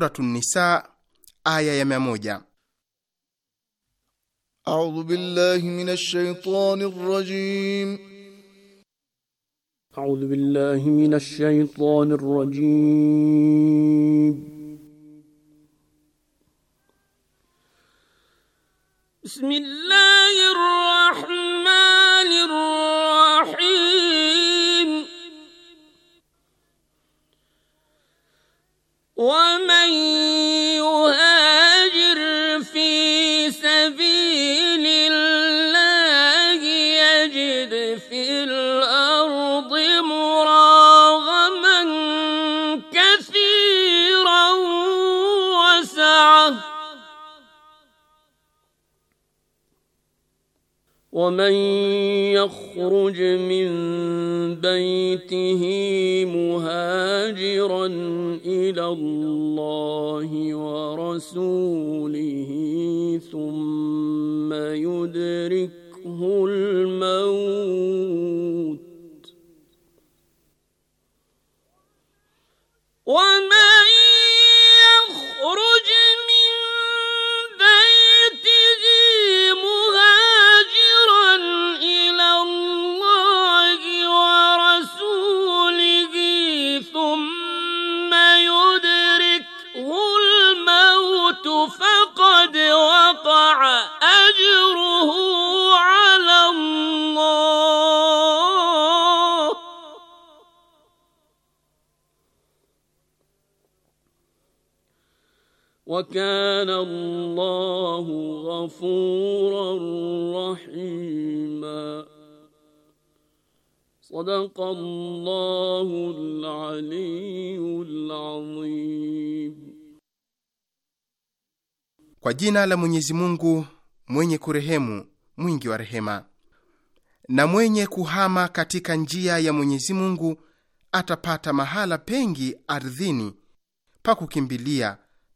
Suratu Nisa aya ya mia moja. A'udhu billahi minash shaitani rrajim. A'udhu billahi minash shaitani rrajim. Bismillah يخرج من بيته مهاجرا إلى الله ورسوله ثم يدرك wa Allahu ghafuran rahima. Sadaqa Allahu al-aliyyul azim. Kwa jina la Mwenyezi Mungu mwenye kurehemu mwingi wa rehema. Na mwenye kuhama katika njia ya Mwenyezi Mungu atapata mahala pengi ardhini pa kukimbilia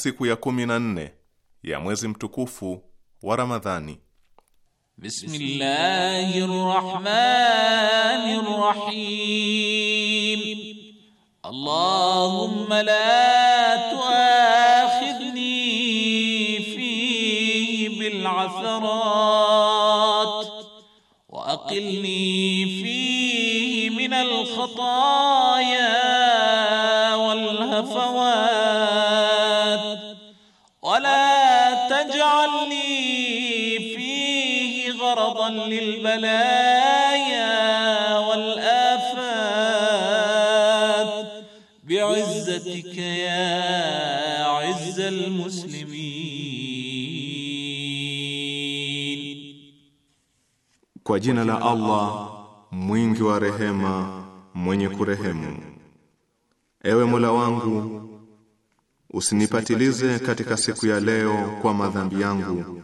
siku ya kumi na nne ya mwezi mtukufu wa Ramadhani. Bismillahir Rahmanir Rahim. Allahumma la jina la Allah mwingi wa rehema, mwenye kurehemu. Ewe Mola wangu, usinipatilize katika siku ya leo kwa madhambi yangu,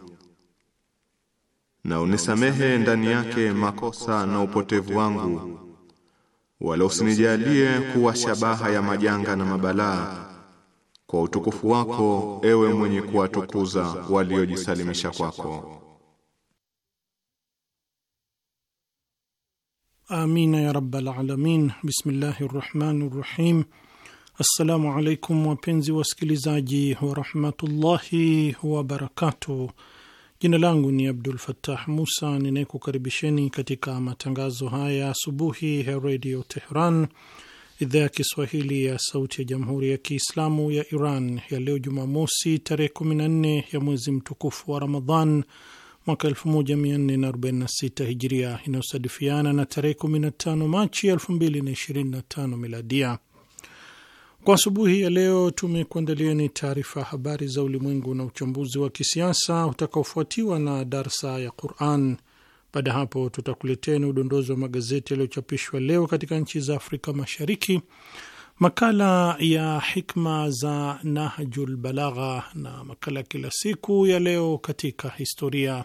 na unisamehe ndani yake makosa na upotevu wangu, wala usinijalie kuwa shabaha ya majanga na mabalaa, kwa utukufu wako, ewe mwenye kuwatukuza waliojisalimisha kwako. Amina ya rabbal alamin. Bismillahi rahmani rahim. Assalamu alaikum wapenzi wasikilizaji warahmatullahi wabarakatuh. Jina langu ni Abdul Fattah Musa ninayekukaribisheni katika matangazo haya asubuhi ya Redio Tehran, idhaa ya Kiswahili ya sauti ya jamhuri ya Kiislamu ya Iran ya leo Jumamosi tarehe 14 ya mwezi mtukufu wa Ramadhan mwaka 1446 Hijria inayosadifiana na tarehe 15 Machi 2025 Miladia. Kwa asubuhi ya leo ni taarifa ya habari za ulimwengu na uchambuzi wa kisiasa utakaofuatiwa na darsa ya Quran. Baada ya hapo, ni udondozi wa magazeti yaliyochapishwa leo katika nchi za Afrika Mashariki, makala ya hikma za Nahjul Balagha na makala ya kila siku ya leo katika historia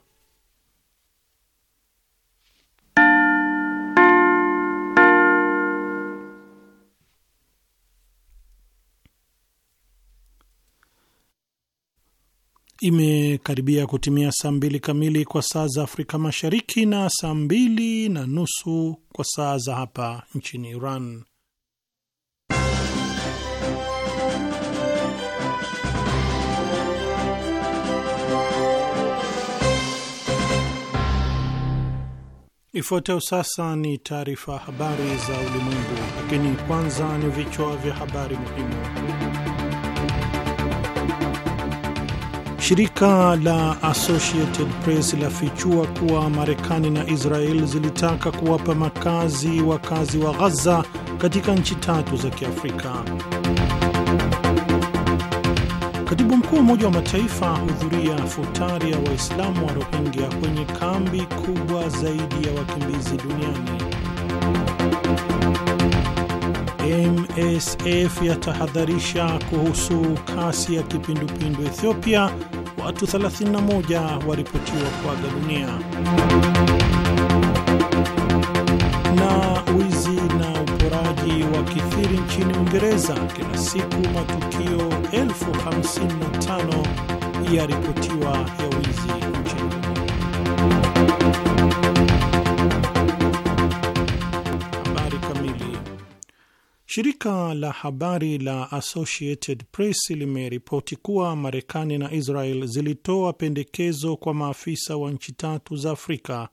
Imekaribia kutimia saa mbili kamili kwa saa za Afrika Mashariki na saa mbili na nusu kwa saa za hapa nchini Iran. Ifuatayo sasa ni taarifa habari za ulimwengu, lakini kwanza ni vichwa vya habari muhimu. Shirika la Associated Press lafichua kuwa Marekani na Israel zilitaka kuwapa makazi wakazi wa Ghaza katika nchi tatu za Kiafrika. Katibu mkuu wa Umoja wa Mataifa hudhuria futari ya Waislamu wa Rohingya kwenye kambi kubwa zaidi ya wakimbizi duniani. MSF yatahadharisha kuhusu kasi ya kipindupindu Ethiopia watu 31 waripotiwa kuaga dunia. Na wizi na uporaji wa kithiri nchini Uingereza, kila siku matukio 55 yaripotiwa ya wizi nchini Shirika la habari la Associated Press limeripoti kuwa Marekani na Israel zilitoa pendekezo kwa maafisa wa nchi tatu za Afrika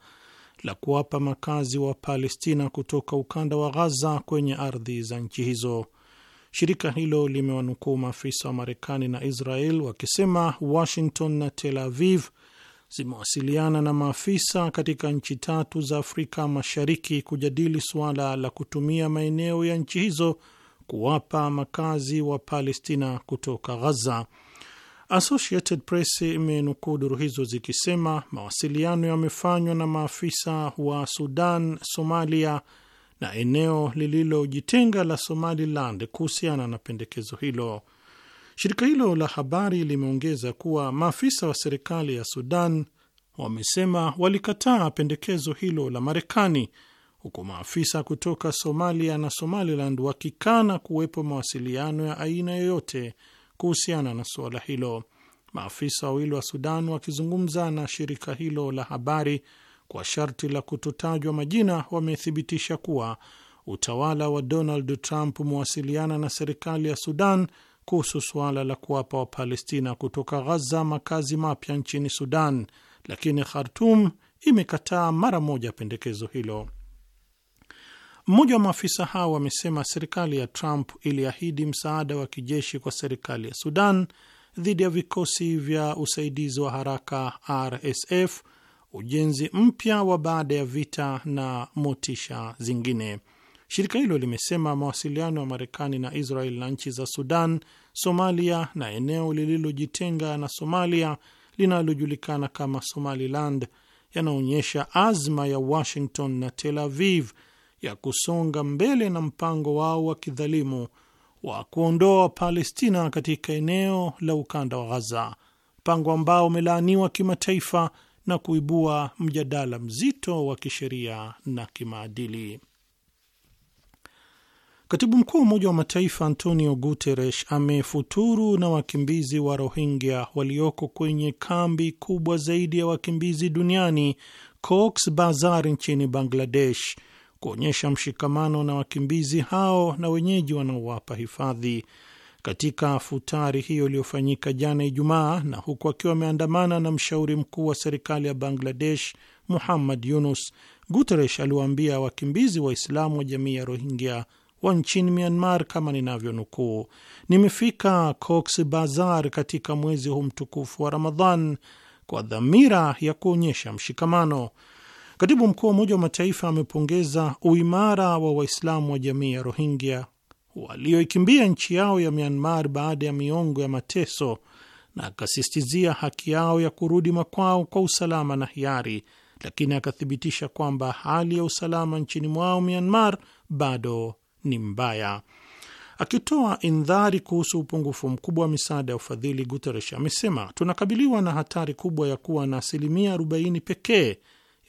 la kuwapa makazi wa Palestina kutoka ukanda wa Ghaza kwenye ardhi za nchi hizo. Shirika hilo limewanukuu maafisa wa Marekani na Israel wakisema Washington na Tel Aviv zimewasiliana na maafisa katika nchi tatu za Afrika Mashariki kujadili suala la kutumia maeneo ya nchi hizo kuwapa makazi wa Palestina kutoka Ghaza. Associated Press imenukuu duru hizo zikisema mawasiliano yamefanywa na maafisa wa Sudan, Somalia na eneo lililojitenga la Somaliland kuhusiana na pendekezo hilo. Shirika hilo la habari limeongeza kuwa maafisa wa serikali ya Sudan wamesema walikataa pendekezo hilo la Marekani, huku maafisa kutoka Somalia na Somaliland wakikana kuwepo mawasiliano ya aina yoyote kuhusiana na suala hilo. Maafisa wawili wa Sudan wakizungumza na shirika hilo la habari kwa sharti la kutotajwa majina, wamethibitisha kuwa utawala wa Donald Trump umewasiliana na serikali ya Sudan kuhusu suala la kuwapa Wapalestina kutoka Ghaza makazi mapya nchini Sudan, lakini Khartum imekataa mara moja pendekezo hilo. Mmoja wa maafisa hao amesema serikali ya Trump iliahidi msaada wa kijeshi kwa serikali ya Sudan dhidi ya vikosi vya usaidizi wa haraka RSF, ujenzi mpya wa baada ya vita na motisha zingine. Shirika hilo limesema mawasiliano ya Marekani na Israel na nchi za Sudan, Somalia na eneo lililojitenga na Somalia linalojulikana kama Somaliland yanaonyesha azma ya Washington na Tel Aviv ya kusonga mbele na mpango wao wa kidhalimu wa kuondoa palestina katika eneo la ukanda wa Ghaza, mpango ambao umelaaniwa kimataifa na kuibua mjadala mzito wa kisheria na kimaadili. Katibu mkuu wa Umoja wa Mataifa Antonio Guterres amefuturu na wakimbizi wa Rohingya walioko kwenye kambi kubwa zaidi ya wakimbizi duniani cox Bazar nchini Bangladesh, kuonyesha mshikamano na wakimbizi hao na wenyeji wanaowapa hifadhi. Katika futari hiyo iliyofanyika jana Ijumaa, na huku akiwa ameandamana na mshauri mkuu wa serikali ya Bangladesh Muhammad Yunus, Guterres aliwaambia wakimbizi Waislamu wa jamii ya Rohingya wa nchini Myanmar kama ninavyonukuu, nimefika Cox Bazar katika mwezi huu mtukufu wa Ramadhan kwa dhamira ya kuonyesha mshikamano. Katibu mkuu wa Umoja wa Mataifa amepongeza uimara wa Waislamu wa jamii ya Rohingya walioikimbia nchi yao ya Myanmar baada ya miongo ya mateso na akasisitizia haki yao ya kurudi makwao kwa usalama na hiari, lakini akathibitisha kwamba hali ya usalama nchini mwao Myanmar bado ni mbaya. Akitoa indhari kuhusu upungufu mkubwa wa misaada ya ufadhili, Guterres amesema tunakabiliwa na hatari kubwa ya kuwa na asilimia 40 pekee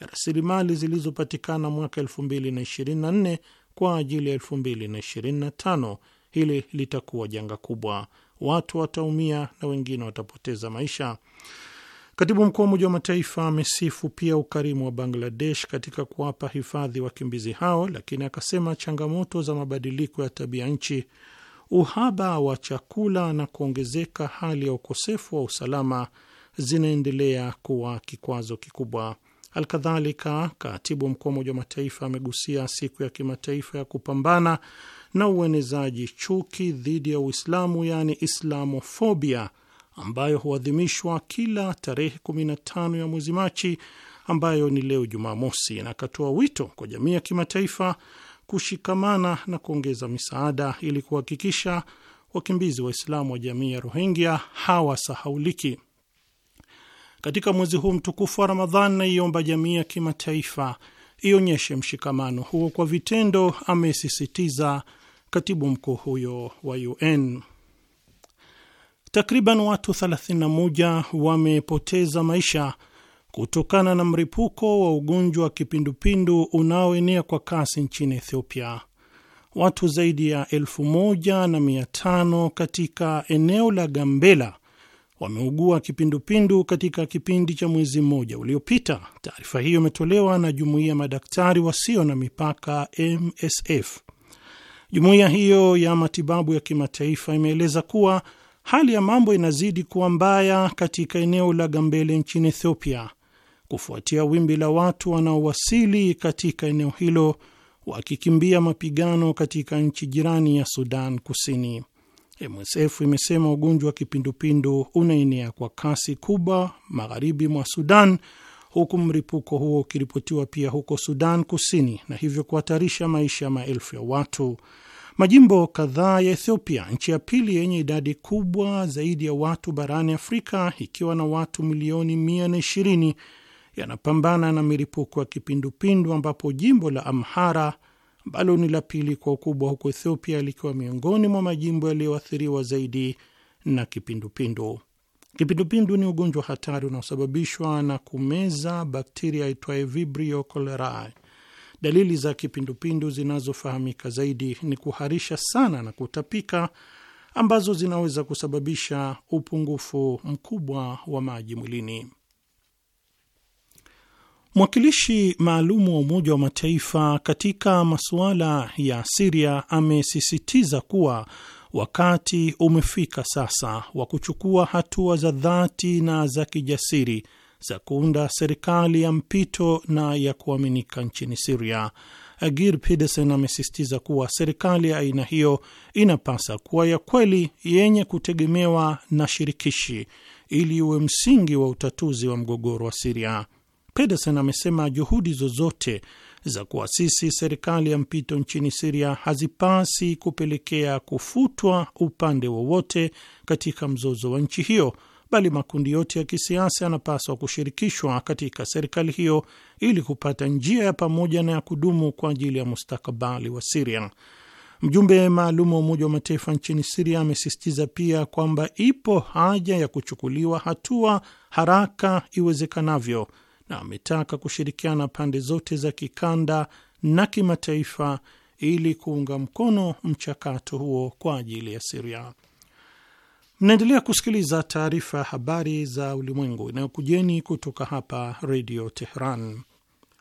ya rasilimali zilizopatikana mwaka 2024 kwa ajili ya 2025. Hili litakuwa janga kubwa, watu wataumia na wengine watapoteza maisha. Katibu mkuu wa Umoja wa Mataifa amesifu pia ukarimu wa Bangladesh katika kuwapa hifadhi wakimbizi hao, lakini akasema changamoto za mabadiliko ya tabia nchi, uhaba wa chakula na kuongezeka hali ya ukosefu wa usalama zinaendelea kuwa kikwazo kikubwa. Alkadhalika, katibu mkuu wa Umoja wa Mataifa amegusia siku ya kimataifa ya kupambana na uenezaji chuki dhidi ya Uislamu, yaani islamofobia ambayo huadhimishwa kila tarehe 15 ya mwezi Machi, ambayo ni leo Jumamosi, na akatoa wito kwa jamii ya kimataifa kushikamana na kuongeza misaada ili kuhakikisha wakimbizi Waislamu wa jamii ya Rohingya hawasahauliki. Katika mwezi huu mtukufu wa Ramadhan, naiomba jamii ya kimataifa ionyeshe mshikamano huo kwa vitendo, amesisitiza katibu mkuu huyo wa UN. Takriban watu 31 wamepoteza maisha kutokana na mripuko wa ugonjwa wa kipindupindu unaoenea kwa kasi nchini Ethiopia. Watu zaidi ya elfu katika eneo la Gambela wameugua kipindupindu katika kipindi cha mwezi mmoja uliopita. Taarifa hiyo imetolewa na jumuiya madaktari wasio na mipaka MSF. Jumuiya hiyo ya matibabu ya kimataifa imeeleza kuwa Hali ya mambo inazidi kuwa mbaya katika eneo la Gambele nchini Ethiopia kufuatia wimbi la watu wanaowasili katika eneo hilo wakikimbia mapigano katika nchi jirani ya Sudan Kusini. MSF imesema ugonjwa wa kipindupindu unaenea kwa kasi kubwa magharibi mwa Sudan, huku mripuko huo ukiripotiwa pia huko Sudan Kusini, na hivyo kuhatarisha maisha ya maelfu ya watu. Majimbo kadhaa ya Ethiopia, nchi ya pili yenye idadi kubwa zaidi ya watu barani Afrika ikiwa na watu milioni 120, yanapambana na milipuko ya kipindupindu, ambapo jimbo la Amhara ambalo ni la pili kwa ukubwa huko Ethiopia likiwa miongoni mwa majimbo yaliyoathiriwa zaidi na kipindupindu. Kipindupindu ni ugonjwa hatari unaosababishwa na kumeza bakteria aitwaye Vibrio cholerae Dalili za kipindupindu zinazofahamika zaidi ni kuharisha sana na kutapika, ambazo zinaweza kusababisha upungufu mkubwa wa maji mwilini. Mwakilishi maalum wa Umoja wa Mataifa katika masuala ya Siria amesisitiza kuwa wakati umefika sasa wa kuchukua hatua za dhati na za kijasiri za kuunda serikali ya mpito na ya kuaminika nchini Siria. Agir Pedersen amesisitiza kuwa serikali ya aina hiyo inapasa kuwa ya kweli, yenye kutegemewa na shirikishi, ili iwe msingi wa utatuzi wa mgogoro wa Siria. Pedersen amesema juhudi zozote za kuasisi serikali ya mpito nchini Siria hazipasi kupelekea kufutwa upande wowote katika mzozo wa nchi hiyo bali makundi yote ya kisiasa yanapaswa kushirikishwa katika serikali hiyo ili kupata njia ya pamoja na ya kudumu kwa ajili ya mustakabali wa Siria. Mjumbe maalum wa Umoja wa Mataifa nchini Siria amesisitiza pia kwamba ipo haja ya kuchukuliwa hatua haraka iwezekanavyo, na ametaka kushirikiana pande zote za kikanda na kimataifa ili kuunga mkono mchakato huo kwa ajili ya Siria. Mnaendelea kusikiliza taarifa ya habari za ulimwengu inayokujeni kutoka hapa redio Tehran.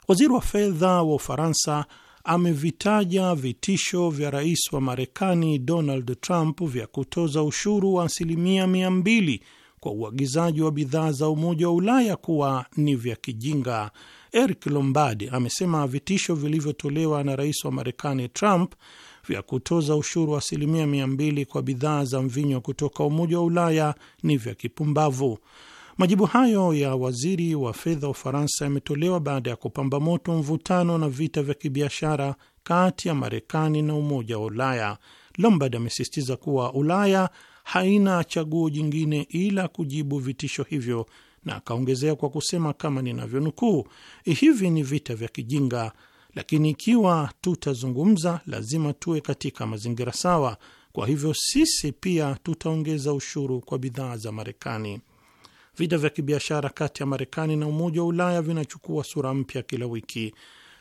Waziri wa fedha wa Ufaransa amevitaja vitisho vya rais wa Marekani Donald Trump vya kutoza ushuru wa asilimia mia mbili kwa uagizaji wa bidhaa za Umoja wa Ulaya kuwa ni vya kijinga. Eric Lombardi amesema vitisho vilivyotolewa na rais wa Marekani Trump vya kutoza ushuru wa asilimia mia mbili kwa bidhaa za mvinyo kutoka Umoja wa Ulaya ni vya kipumbavu. Majibu hayo ya waziri wa fedha wa Ufaransa yametolewa baada ya kupamba moto mvutano na vita vya kibiashara kati ya Marekani na Umoja wa Ulaya. Lombard amesisitiza kuwa Ulaya haina chaguo jingine ila kujibu vitisho hivyo, na akaongezea kwa kusema kama ninavyonukuu, hivi ni vita vya kijinga lakini ikiwa tutazungumza, lazima tuwe katika mazingira sawa. Kwa hivyo sisi pia tutaongeza ushuru kwa bidhaa za Marekani. Vita vya kibiashara kati ya Marekani na Umoja wa Ulaya vinachukua sura mpya kila wiki.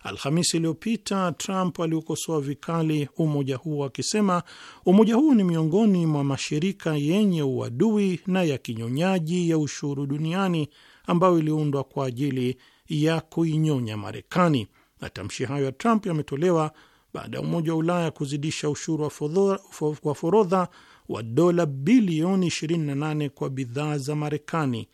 Alhamisi iliyopita Trump aliukosoa vikali umoja huo akisema umoja huo ni miongoni mwa mashirika yenye uadui na ya kinyonyaji ya ushuru duniani ambayo iliundwa kwa ajili ya kuinyonya Marekani. Matamshi hayo ya Trump yametolewa baada ya Umoja wa Ulaya kuzidisha ushuru wa forodha wa dola bilioni 28 kwa bidhaa za Marekani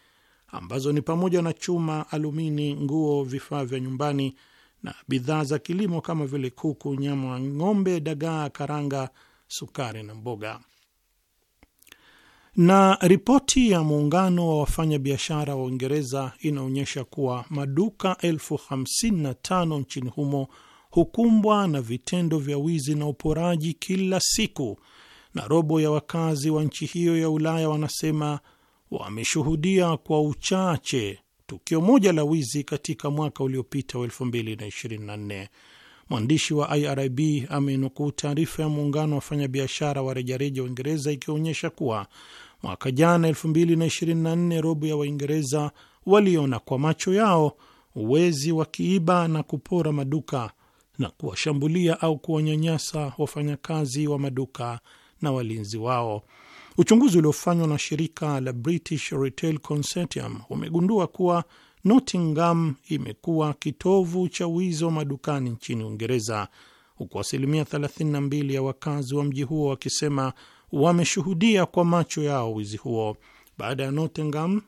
ambazo ni pamoja na chuma, alumini, nguo, vifaa vya nyumbani na bidhaa za kilimo kama vile kuku, nyama, ng'ombe, dagaa, karanga, sukari na mboga. Na ripoti ya muungano wa wafanyabiashara wa Uingereza inaonyesha kuwa maduka elfu hamsini na tano nchini humo hukumbwa na vitendo vya wizi na uporaji kila siku, na robo ya wakazi wa nchi hiyo ya Ulaya wanasema wameshuhudia kwa uchache tukio moja la wizi katika mwaka uliopita wa 2024. Mwandishi wa IRIB amenukuu taarifa ya muungano wa wafanyabiashara wa rejareja Uingereza ikionyesha kuwa Mwaka jana 2024, robo ya Waingereza waliona kwa macho yao wezi wakiiba na kupora maduka na kuwashambulia au kuwanyanyasa wafanyakazi wa maduka na walinzi wao. Uchunguzi uliofanywa na shirika la British Retail Consortium umegundua kuwa Nottingham imekuwa kitovu cha wizi wa madukani nchini Uingereza, huku asilimia 32 ya wakazi wa mji huo wakisema wameshuhudia kwa macho yao wizi huo. Baada ya Nottingham,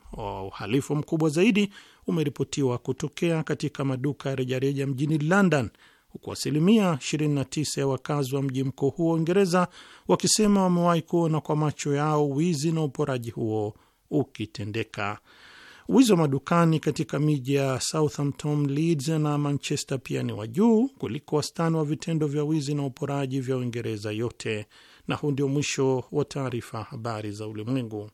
uhalifu mkubwa zaidi umeripotiwa kutokea katika maduka ya rejareja mjini London, huku asilimia 29 ya wakazi wa mji mkuu huo Uingereza wakisema wamewahi kuona kwa macho yao wizi na uporaji huo ukitendeka. Wizi wa madukani katika miji ya Southampton, Leeds na Manchester pia ni wa juu kuliko wastani wa vitendo vya wizi na uporaji vya Uingereza yote. Na huu ndio mwisho wa taarifa habari za ulimwengu.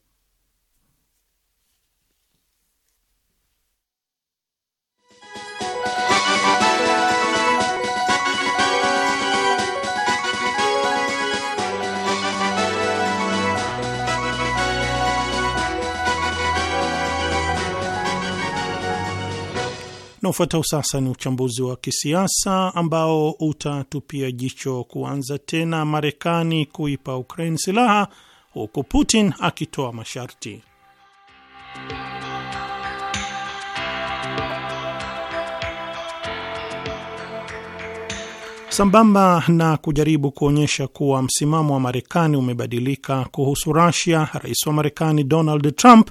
Na ufuatao sasa ni uchambuzi wa kisiasa ambao utatupia jicho kuanza tena Marekani kuipa Ukraine silaha huku Putin akitoa masharti. Sambamba na kujaribu kuonyesha kuwa msimamo wa Marekani umebadilika kuhusu rusia rais wa Marekani Donald Trump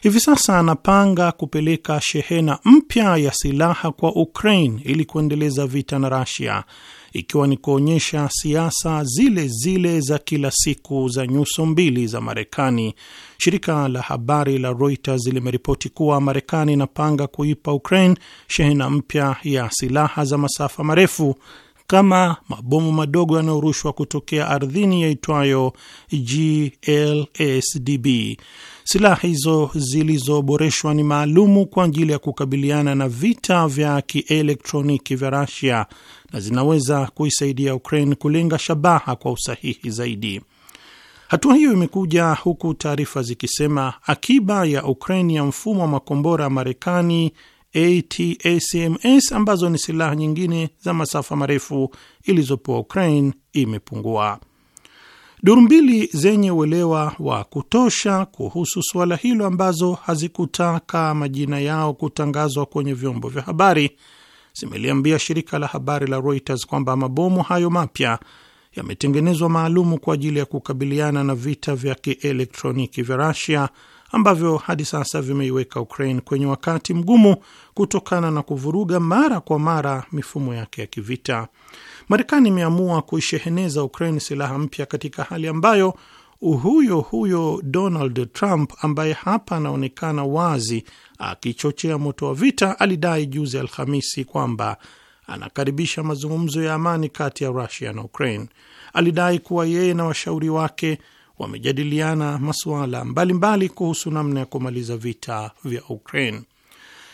hivi sasa anapanga kupeleka shehena mpya ya silaha kwa Ukraine ili kuendeleza vita na Russia, ikiwa ni kuonyesha siasa zile zile za kila siku za nyuso mbili za Marekani. Shirika la habari la Reuters limeripoti kuwa Marekani inapanga kuipa Ukraine shehena mpya ya silaha za masafa marefu kama mabomu madogo yanayorushwa kutokea ardhini yaitwayo GLSDB. Silaha hizo zilizoboreshwa ni maalumu kwa ajili ya kukabiliana na vita vya kielektroniki vya rasia na zinaweza kuisaidia Ukraine kulenga shabaha kwa usahihi zaidi. Hatua hiyo imekuja huku taarifa zikisema akiba ya Ukraine ya mfumo wa makombora ya Marekani ATACMS ambazo ni silaha nyingine za masafa marefu ilizopewa Ukraine imepungua. Duru mbili zenye uelewa wa kutosha kuhusu suala hilo ambazo hazikutaka majina yao kutangazwa kwenye vyombo vya habari zimeliambia shirika la habari la Reuters kwamba mabomu hayo mapya yametengenezwa maalumu kwa ajili ya kukabiliana na vita vya kielektroniki vya rasia ambavyo hadi sasa vimeiweka Ukraine kwenye wakati mgumu kutokana na kuvuruga mara kwa mara mifumo yake ya kivita. Marekani imeamua kuisheheneza Ukraine silaha mpya katika hali ambayo huyo huyo Donald Trump ambaye hapa anaonekana wazi akichochea moto wa vita alidai juzi Alhamisi kwamba anakaribisha mazungumzo ya amani kati ya Rusia na Ukraine. Alidai kuwa yeye na washauri wake wamejadiliana masuala mbalimbali kuhusu namna ya kumaliza vita vya Ukraine.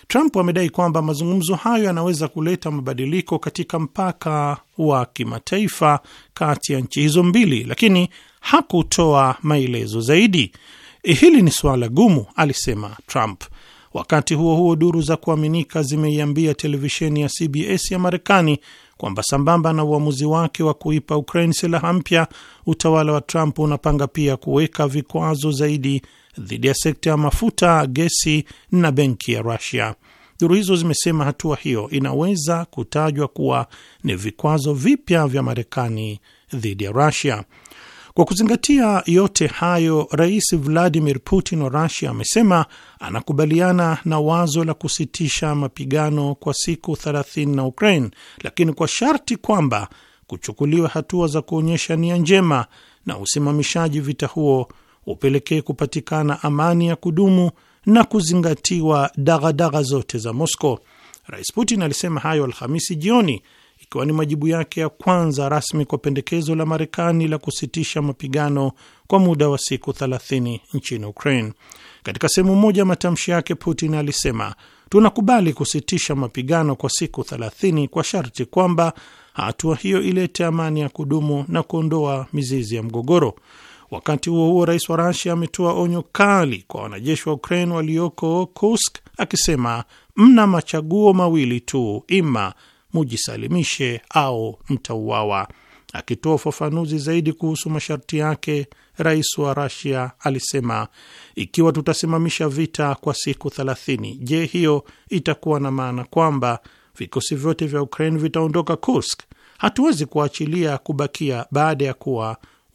Trump amedai kwamba mazungumzo hayo yanaweza kuleta mabadiliko katika mpaka wa kimataifa kati ya nchi hizo mbili, lakini hakutoa maelezo zaidi. E, hili ni suala gumu, alisema Trump. Wakati huo huo, duru za kuaminika zimeiambia televisheni ya CBS ya Marekani kwamba sambamba na uamuzi wake wa kuipa Ukraine silaha mpya, utawala wa Trump unapanga pia kuweka vikwazo zaidi dhidi ya sekta ya mafuta, gesi na benki ya Rusia. Duru hizo zimesema hatua hiyo inaweza kutajwa kuwa ni vikwazo vipya vya Marekani dhidi ya Rusia. Kwa kuzingatia yote hayo, Rais Vladimir Putin wa Rusia amesema anakubaliana na wazo la kusitisha mapigano kwa siku 30 na Ukraine, lakini kwa sharti kwamba kuchukuliwa hatua za kuonyesha nia njema na usimamishaji vita huo upelekee kupatikana amani ya kudumu na kuzingatiwa dagadaga zote za Moscow. Rais Putin alisema hayo Alhamisi jioni ikiwa ni majibu yake ya kwanza rasmi kwa pendekezo la Marekani la kusitisha mapigano kwa muda wa siku 30 nchini Ukraine. Katika sehemu moja matamshi yake, Putin alisema tunakubali kusitisha mapigano kwa siku 30 kwa sharti kwamba hatua hiyo ilete amani ya kudumu na kuondoa mizizi ya mgogoro. Wakati huo huo, rais wa Rasia ametoa onyo kali kwa wanajeshi wa Ukraine walioko Kursk akisema mna machaguo mawili tu, ima mujisalimishe au mtauawa. Akitoa ufafanuzi zaidi kuhusu masharti yake, rais wa Rasia alisema ikiwa tutasimamisha vita kwa siku thelathini, je, hiyo itakuwa na maana kwamba vikosi vyote vya Ukraine vitaondoka Kursk? Hatuwezi kuachilia kubakia baada ya kuwa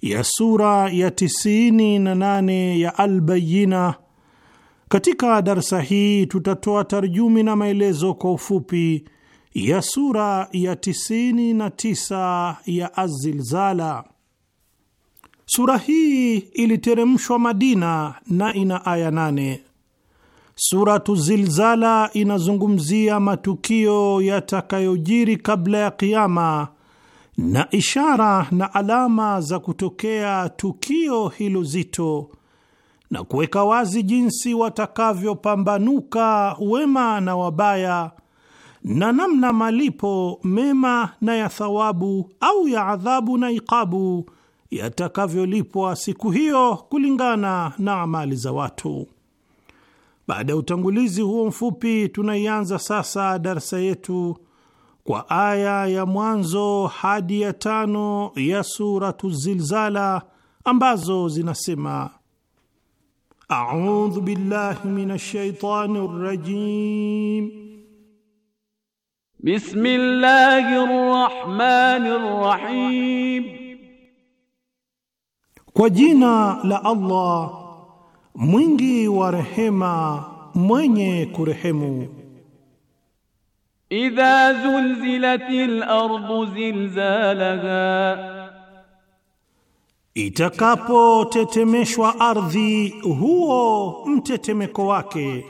ya sura ya 98 ya Albayina. Katika darsa hii tutatoa tarjumi na maelezo kwa ufupi ya sura ya 99 ya Azilzala. Sura hii iliteremshwa Madina na ina aya nane. Suratu Zilzala inazungumzia matukio yatakayojiri kabla ya Kiama na ishara na alama za kutokea tukio hilo zito na kuweka wazi jinsi watakavyopambanuka wema na wabaya na namna malipo mema na ya thawabu au ya adhabu na iqabu yatakavyolipwa siku hiyo kulingana na amali za watu. Baada ya utangulizi huo mfupi, tunaianza sasa darsa yetu kwa aya ya mwanzo hadi ya tano ya Suratu Zilzala ambazo zinasema: audhu billahi min shaitani rajim, bismillahi rahmanir rahim, kwa jina la Allah mwingi wa rehema mwenye kurehemu. إذا زلزلت الأرض زلزالها itakapotetemeshwa ardhi huo mtetemeko wake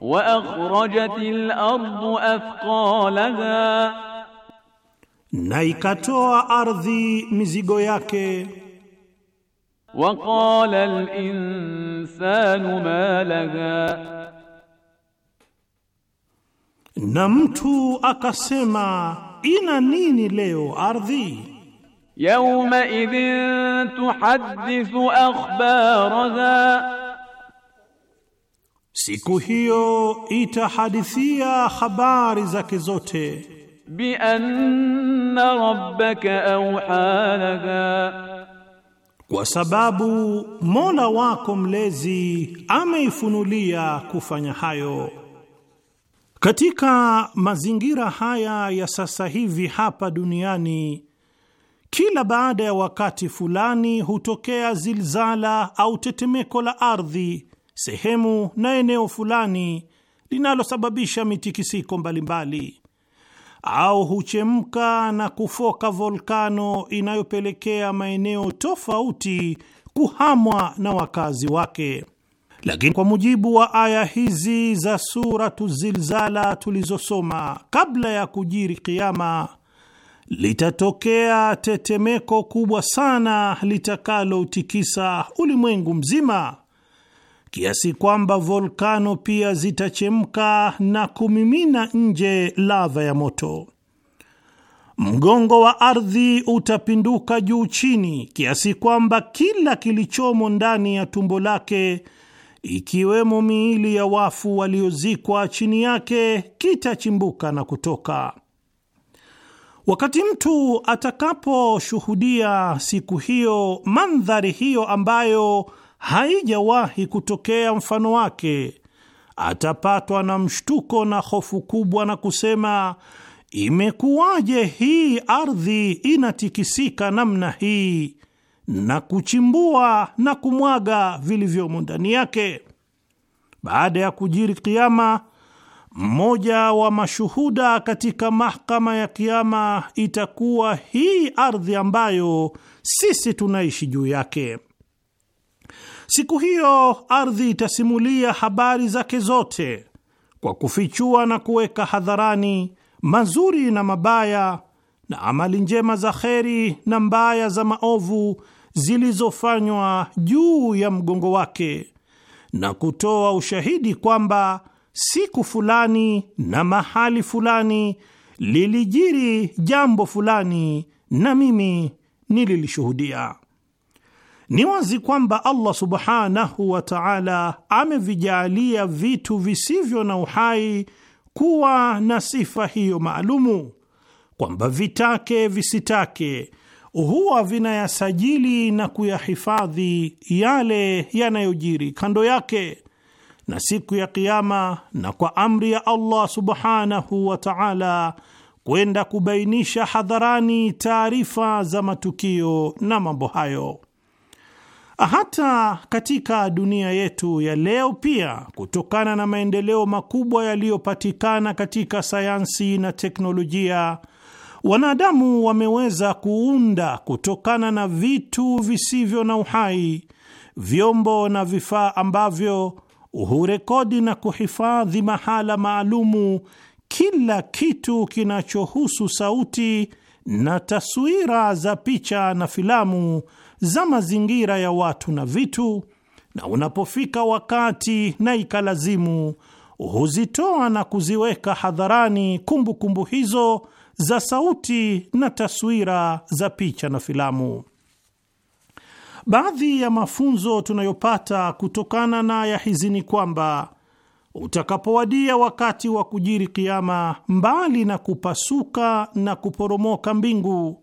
waakhrajatil ardu athqalaha na ikatoa ardhi mizigo yake waqala al insanu ma laha Na mtu akasema ina nini leo ardhi? yawma idhin tuhaddithu akhbaraha, siku hiyo itahadithia habari zake zote. Bi anna rabbaka awha laha, kwa sababu Mola wako mlezi ameifunulia kufanya hayo. Katika mazingira haya ya sasa hivi hapa duniani, kila baada ya wakati fulani hutokea zilzala au tetemeko la ardhi sehemu na eneo fulani linalosababisha mitikisiko mbalimbali, au huchemka na kufoka volkano inayopelekea maeneo tofauti kuhamwa na wakazi wake. Lakini kwa mujibu wa aya hizi za Suratu Zilzala tulizosoma, kabla ya kujiri kiama litatokea tetemeko kubwa sana litakalotikisa ulimwengu mzima kiasi kwamba volkano pia zitachemka na kumimina nje lava ya moto. Mgongo wa ardhi utapinduka juu chini, kiasi kwamba kila kilichomo ndani ya tumbo lake ikiwemo miili ya wafu waliozikwa chini yake kitachimbuka na kutoka. Wakati mtu atakaposhuhudia siku hiyo mandhari hiyo ambayo haijawahi kutokea mfano wake, atapatwa na mshtuko na hofu kubwa na kusema, imekuwaje hii ardhi inatikisika namna hii na kuchimbua na kumwaga vilivyomo ndani yake. Baada ya kujiri kiama, mmoja wa mashuhuda katika mahakama ya kiama itakuwa hii ardhi ambayo sisi tunaishi juu yake. Siku hiyo ardhi itasimulia habari zake zote kwa kufichua na kuweka hadharani mazuri na mabaya na amali njema za kheri na mbaya za maovu zilizofanywa juu ya mgongo wake na kutoa ushahidi kwamba siku fulani na mahali fulani lilijiri jambo fulani na mimi nililishuhudia. Ni wazi kwamba Allah subhanahu wa ta'ala amevijaalia vitu visivyo na uhai kuwa na sifa hiyo maalumu, kwamba vitake visitake huwa vinayasajili na kuyahifadhi yale yanayojiri kando yake, na siku ya Kiama, na kwa amri ya Allah subhanahu wa ta'ala kwenda kubainisha hadharani taarifa za matukio na mambo hayo. Hata katika dunia yetu ya leo pia, kutokana na maendeleo makubwa yaliyopatikana katika sayansi na teknolojia Wanadamu wameweza kuunda kutokana na vitu visivyo na uhai vyombo na vifaa ambavyo hurekodi na kuhifadhi mahala maalumu kila kitu kinachohusu sauti na taswira za picha na filamu za mazingira ya watu na vitu, na unapofika wakati na ikalazimu, huzitoa na kuziweka hadharani kumbukumbu hizo za sauti na taswira za picha na filamu. Baadhi ya mafunzo tunayopata kutokana na ya hizi ni kwamba utakapowadia wakati wa kujiri kiama, mbali na kupasuka na kuporomoka mbingu,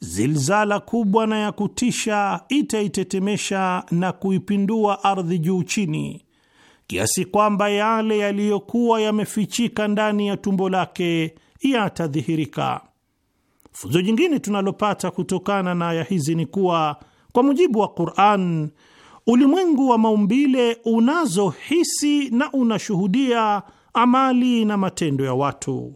zilzala kubwa na ya kutisha itaitetemesha na kuipindua ardhi juu chini, kiasi kwamba yale yaliyokuwa yamefichika ndani ya tumbo lake yatadhihirika. Funzo jingine tunalopata kutokana na aya hizi ni kuwa kwa mujibu wa Qur'an, ulimwengu wa maumbile unazohisi na unashuhudia amali na matendo ya watu,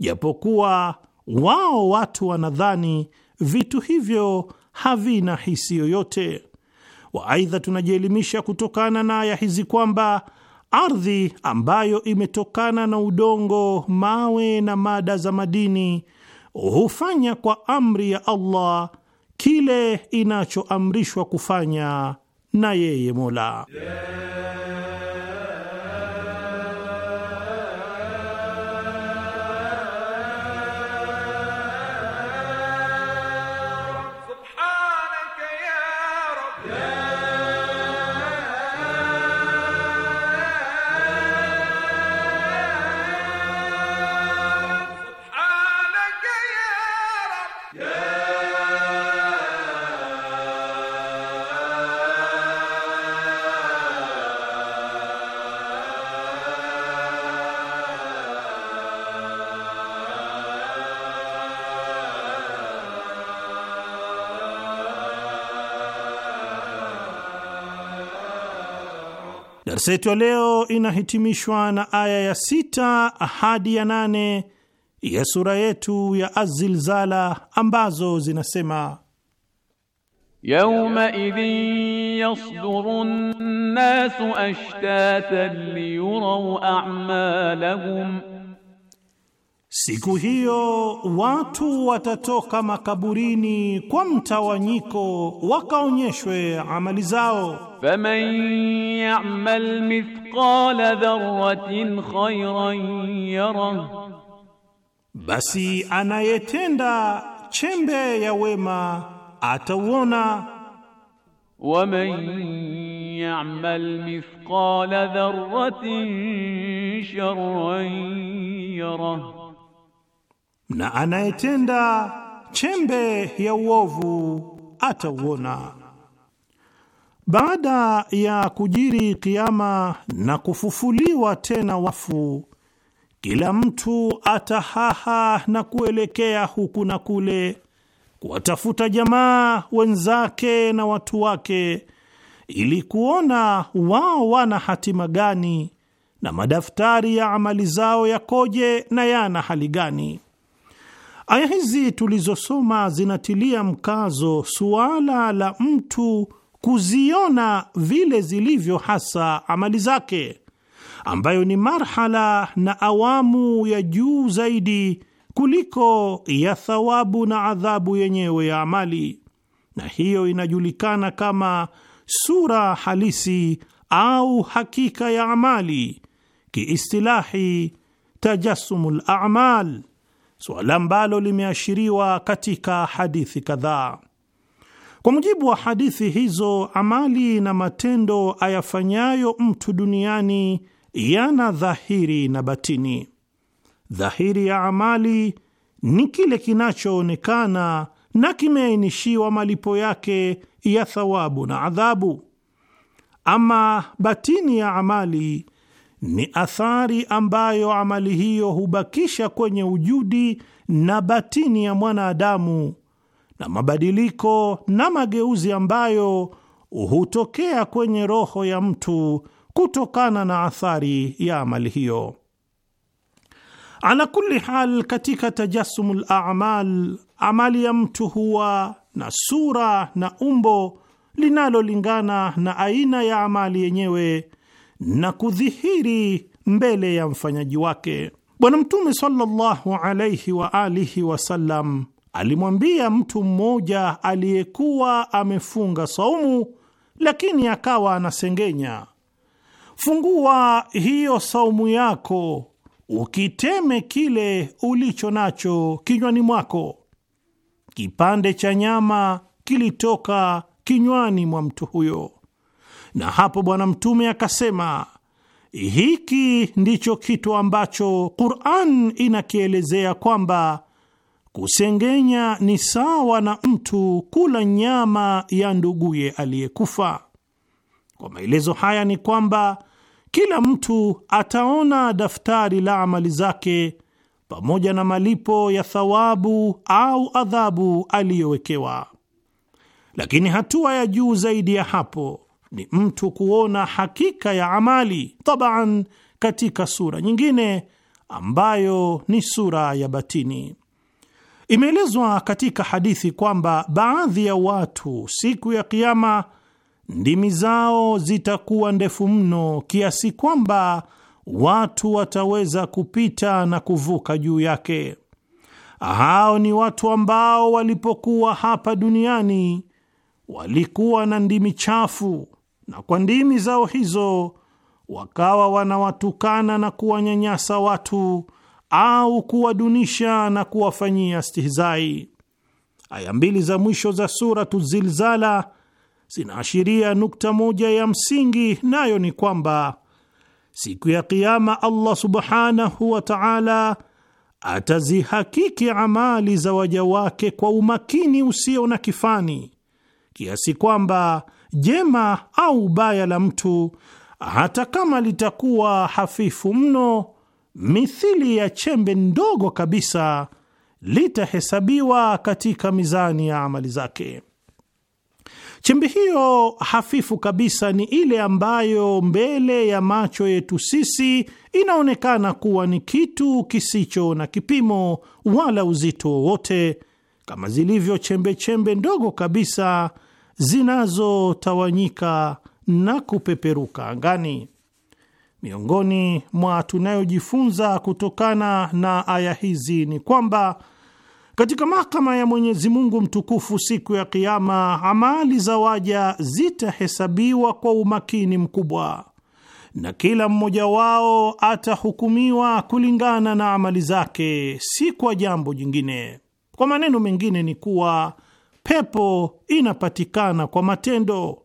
japokuwa wao watu wanadhani vitu hivyo havina hisi yoyote. Waaidha, tunajielimisha kutokana na aya hizi kwamba ardhi ambayo imetokana na udongo, mawe na mada za madini hufanya kwa amri ya Allah kile inachoamrishwa kufanya na yeye Mola yeah. Darsa yetu ya leo inahitimishwa na aya ya sita hadi ya nane ya sura yetu ya Azilzala ambazo zinasema Yawma idhin yasduru an ashtatan a'malahum Siku hiyo watu watatoka makaburini kwa mtawanyiko, wakaonyeshwe amali zao. faman ya'mal mithqala dharratin khayran yarah, basi anayetenda chembe ya wema atauona. waman ya'mal mithqala dharratin sharran yarah na anayetenda chembe ya uovu atauona. Baada ya kujiri kiama na kufufuliwa tena wafu, kila mtu atahaha na kuelekea huku na kule kuwatafuta jamaa wenzake na watu wake ili kuona wao wana hatima gani na madaftari ya amali zao yakoje na yana hali gani. Aya hizi tulizosoma zinatilia mkazo suala la mtu kuziona vile zilivyo hasa amali zake, ambayo ni marhala na awamu ya juu zaidi kuliko ya thawabu na adhabu yenyewe ya amali, na hiyo inajulikana kama sura halisi au hakika ya amali, kiistilahi tajasumul a'mal suala ambalo limeashiriwa katika hadithi kadhaa. Kwa mujibu wa hadithi hizo, amali na matendo ayafanyayo mtu duniani yana dhahiri na batini. Dhahiri ya amali ni kile kinachoonekana na kimeainishiwa malipo yake ya thawabu na adhabu. Ama batini ya amali ni athari ambayo amali hiyo hubakisha kwenye ujudi na batini ya mwanadamu na mabadiliko na mageuzi ambayo hutokea kwenye roho ya mtu kutokana na athari ya amali hiyo. Ala kulli hal, katika tajasumul a'mal, amali ya mtu huwa na sura na umbo linalolingana na aina ya amali yenyewe na kudhihiri mbele ya mfanyaji wake. Bwana Mtume sallallahu alaihi wa alihi wasallam alimwambia mtu mmoja aliyekuwa amefunga saumu lakini akawa anasengenya, fungua hiyo saumu yako ukiteme kile ulicho nacho kinywani mwako. Kipande cha nyama kilitoka kinywani mwa mtu huyo. Na hapo Bwana Mtume akasema, hiki ndicho kitu ambacho Qur'an inakielezea kwamba kusengenya ni sawa na mtu kula nyama ya nduguye aliyekufa. Kwa maelezo haya ni kwamba kila mtu ataona daftari la amali zake pamoja na malipo ya thawabu au adhabu aliyowekewa. Lakini hatua ya juu zaidi ya hapo ni mtu kuona hakika ya amali tabaan, katika sura nyingine ambayo ni sura ya batini. Imeelezwa katika hadithi kwamba baadhi ya watu siku ya Kiama ndimi zao zitakuwa ndefu mno kiasi kwamba watu wataweza kupita na kuvuka juu yake. Hao ni watu ambao walipokuwa hapa duniani walikuwa na ndimi chafu na kwa ndimi zao hizo wakawa wanawatukana na kuwanyanyasa watu au kuwadunisha na kuwafanyia stihizai. Aya mbili za mwisho za Suratu Zilzala zinaashiria nukta moja ya msingi, nayo ni kwamba siku ya Kiama Allah subhanahu wa taala atazihakiki amali za waja wake kwa umakini usio na kifani kiasi kwamba jema au baya la mtu, hata kama litakuwa hafifu mno, mithili ya chembe ndogo kabisa, litahesabiwa katika mizani ya amali zake. Chembe hiyo hafifu kabisa ni ile ambayo mbele ya macho yetu sisi inaonekana kuwa ni kitu kisicho na kipimo wala uzito wowote, kama zilivyo chembe chembe ndogo kabisa zinazotawanyika na kupeperuka angani. Miongoni mwa tunayojifunza kutokana na aya hizi ni kwamba katika mahakama ya Mwenyezi Mungu mtukufu siku ya Kiama, amali za waja zitahesabiwa kwa umakini mkubwa, na kila mmoja wao atahukumiwa kulingana na amali zake, si kwa jambo jingine. Kwa maneno mengine ni kuwa Pepo inapatikana kwa matendo,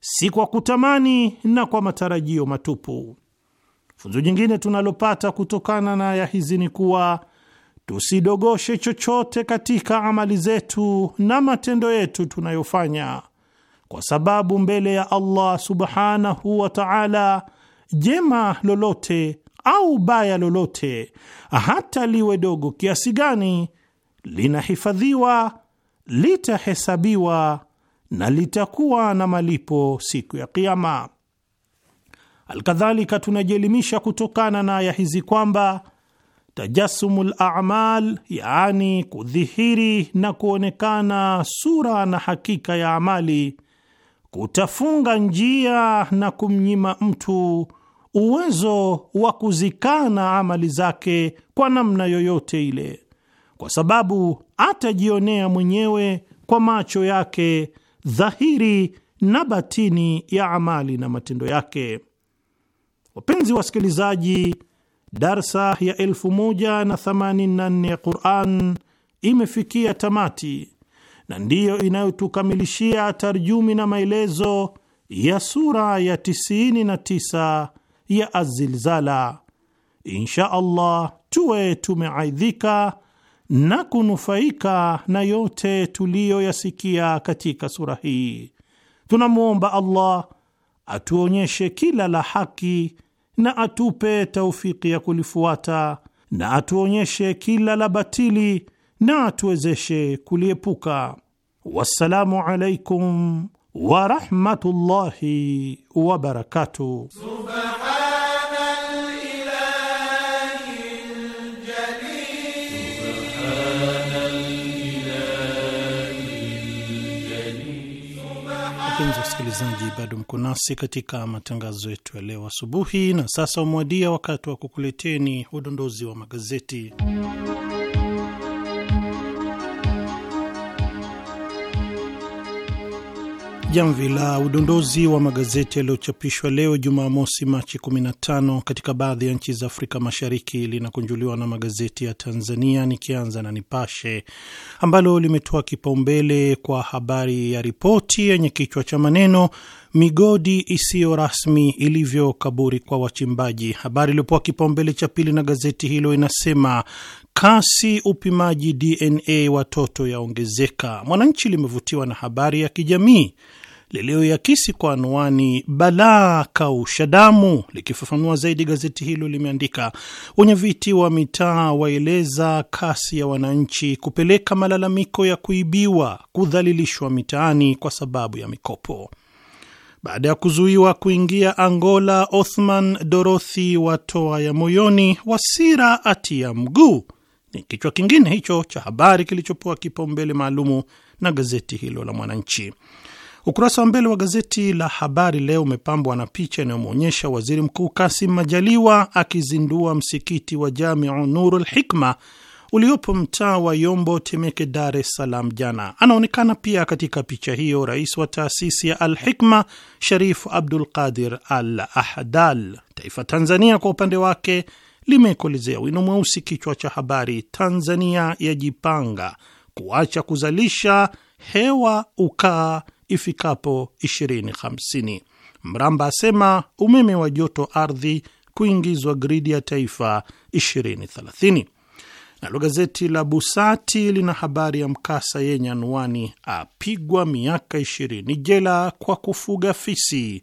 si kwa kutamani na kwa matarajio matupu. Funzo jingine tunalopata kutokana na aya hizi ni kuwa tusidogoshe chochote katika amali zetu na matendo yetu tunayofanya, kwa sababu mbele ya Allah subhanahu wa ta'ala, jema lolote au baya lolote, hata liwe dogo kiasi gani, linahifadhiwa litahesabiwa na litakuwa na malipo siku ya Kiama. Alkadhalika, tunajielimisha kutokana na aya hizi kwamba tajasumul amal, yaani kudhihiri na kuonekana sura na hakika ya amali, kutafunga njia na kumnyima mtu uwezo wa kuzikana amali zake kwa namna yoyote ile, kwa sababu atajionea mwenyewe kwa macho yake dhahiri na batini ya amali na matendo yake. Wapenzi wasikilizaji, darsa ya 1084 ya Quran imefikia tamati na ndiyo inayotukamilishia tarjumi na maelezo ya sura ya 99 ya Azilzala. Insha Allah tuwe tumeaidhika na kunufaika na yote tuliyoyasikia katika sura hii. Tunamwomba Allah atuonyeshe kila la haki na atupe taufiki ya kulifuata na atuonyeshe kila la batili na atuwezeshe kuliepuka. Wassalamu alaikum warahmatullahi wabarakatuh. msikilizaji, bado mko nasi katika matangazo yetu ya leo asubuhi, na sasa umewadia wakati wa kukuleteni udondozi wa magazeti Jamvi la udondozi wa magazeti yaliyochapishwa leo Jumamosi, Machi 15 katika baadhi ya nchi za Afrika Mashariki linakunjuliwa na magazeti ya Tanzania, nikianza na Nipashe ambalo limetoa kipaumbele kwa habari ya ripoti yenye kichwa cha maneno migodi isiyo rasmi ilivyo kaburi kwa wachimbaji. Habari iliyopewa kipaumbele cha pili na gazeti hilo inasema kasi upimaji DNA watoto yaongezeka. Mwananchi limevutiwa na habari ya kijamii liliyoyakisi kwa anwani balaa kausha damu. Likifafanua zaidi, gazeti hilo limeandika wenyeviti wa mitaa waeleza kasi ya wananchi kupeleka malalamiko ya kuibiwa, kudhalilishwa mitaani kwa sababu ya mikopo. Baada ya kuzuiwa kuingia Angola, Othman Dorothy watoa ya moyoni, Wasira atia mguu ni kichwa kingine hicho cha habari kilichopewa kipaumbele maalumu na gazeti hilo la Mwananchi. Ukurasa wa mbele wa gazeti la Habari Leo umepambwa na picha inayomwonyesha Waziri Mkuu Kasim Majaliwa akizindua msikiti wa Jamiu Nurul Hikma uliopo mtaa wa Yombo, Temeke, Dar es Salaam jana. Anaonekana pia katika picha hiyo rais wa taasisi ya Al Hikma, Sharif Abdul Qadir Al Ahdal. Taifa Tanzania kwa upande wake limekolezea wino mweusi kichwa cha habari, Tanzania yajipanga kuacha kuzalisha hewa ukaa ifikapo 2050. Mramba asema umeme wa joto ardhi kuingizwa gridi ya taifa 2030. Nalo gazeti la Busati lina habari ya mkasa yenye anwani apigwa miaka 20 jela kwa kufuga fisi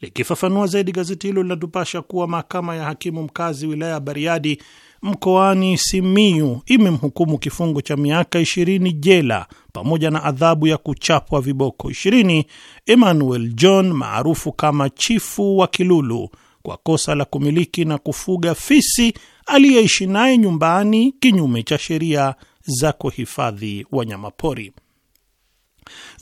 Likifafanua zaidi gazeti hilo linatupasha kuwa mahakama ya hakimu mkazi wilaya ya Bariadi mkoani Simiyu imemhukumu kifungo cha miaka ishirini jela pamoja na adhabu ya kuchapwa viboko ishirini Emmanuel John maarufu kama Chifu wa Kilulu kwa kosa la kumiliki na kufuga fisi aliyeishi naye nyumbani kinyume cha sheria za kuhifadhi wanyamapori.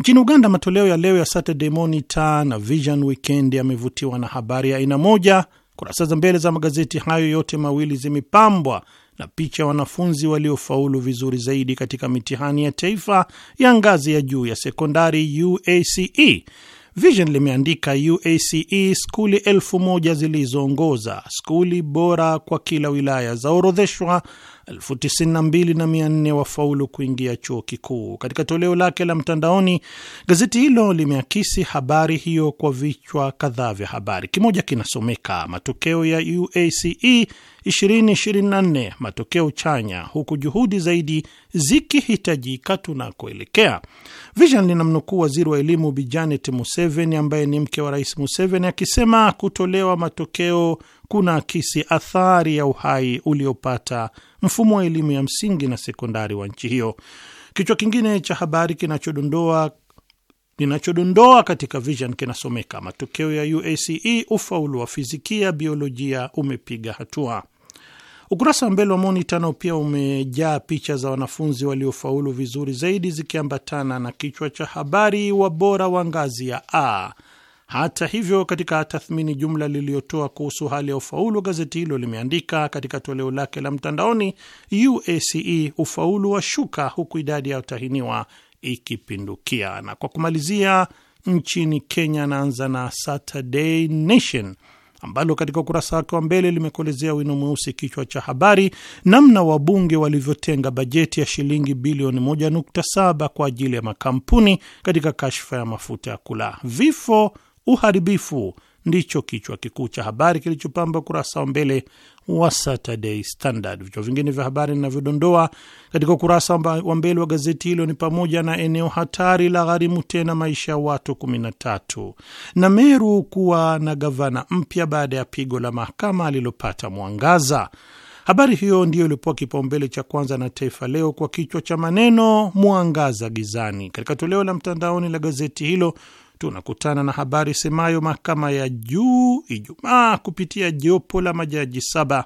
Nchini Uganda, matoleo ya leo ya Saturday Monitor na Vision Weekend yamevutiwa na habari ya aina moja. Kurasa za mbele za magazeti hayo yote mawili zimepambwa na picha ya wanafunzi waliofaulu vizuri zaidi katika mitihani ya taifa ya ngazi ya juu ya sekondari UACE. Vision limeandika UACE skuli elfu moja zilizoongoza, skuli bora kwa kila wilaya zaorodheshwa elfu tisini na mbili na mia nne wafaulu kuingia chuo kikuu. Katika toleo lake la mtandaoni, gazeti hilo limeakisi habari hiyo kwa vichwa kadhaa vya habari. Kimoja kinasomeka matokeo ya UACE 2024 matokeo chanya, huku juhudi zaidi zikihitajika tunakoelekea. Vision linamnukuu waziri wa elimu Bi Janet Museveni ambaye ni mke wa Rais Museveni akisema kutolewa matokeo kuna akisi athari ya uhai uliopata mfumo wa elimu ya msingi na sekondari wa nchi hiyo. Kichwa kingine cha habari kinachodondoa ninachodondoa katika Vision kinasomeka matokeo ya UACE ufaulu wa fizikia biolojia umepiga hatua. Ukurasa wa mbele wa Monita nao pia umejaa picha za wanafunzi waliofaulu vizuri zaidi zikiambatana na kichwa cha habari wa bora wa ngazi ya A. Hata hivyo, katika tathmini jumla liliyotoa kuhusu hali ya ufaulu, gazeti hilo limeandika katika toleo lake la mtandaoni, UACE ufaulu wa shuka huku idadi ya watahiniwa ikipindukia. Na kwa kumalizia, nchini Kenya, anaanza na Saturday Nation ambalo katika ukurasa wake wa mbele limekolezea wino mweusi kichwa cha habari, namna wabunge walivyotenga bajeti ya shilingi bilioni 1.7 kwa ajili ya makampuni katika kashfa ya mafuta ya kula. Vifo, uharibifu ndicho kichwa kikuu cha habari kilichopamba ukurasa wa mbele wa Saturday Standard. Vichwa vingine vya habari linavyodondoa katika ukurasa wa mbele wa gazeti hilo ni pamoja na eneo hatari la gharimu tena maisha ya watu 13 na Meru kuwa na gavana mpya baada ya pigo la mahakama alilopata Mwangaza. Habari hiyo ndiyo iliopoa kipaumbele cha kwanza na Taifa Leo kwa kichwa cha maneno mwangaza gizani. Katika toleo la mtandaoni la gazeti hilo tunakutana na habari semayo mahakama ya juu Ijumaa kupitia jopo la majaji saba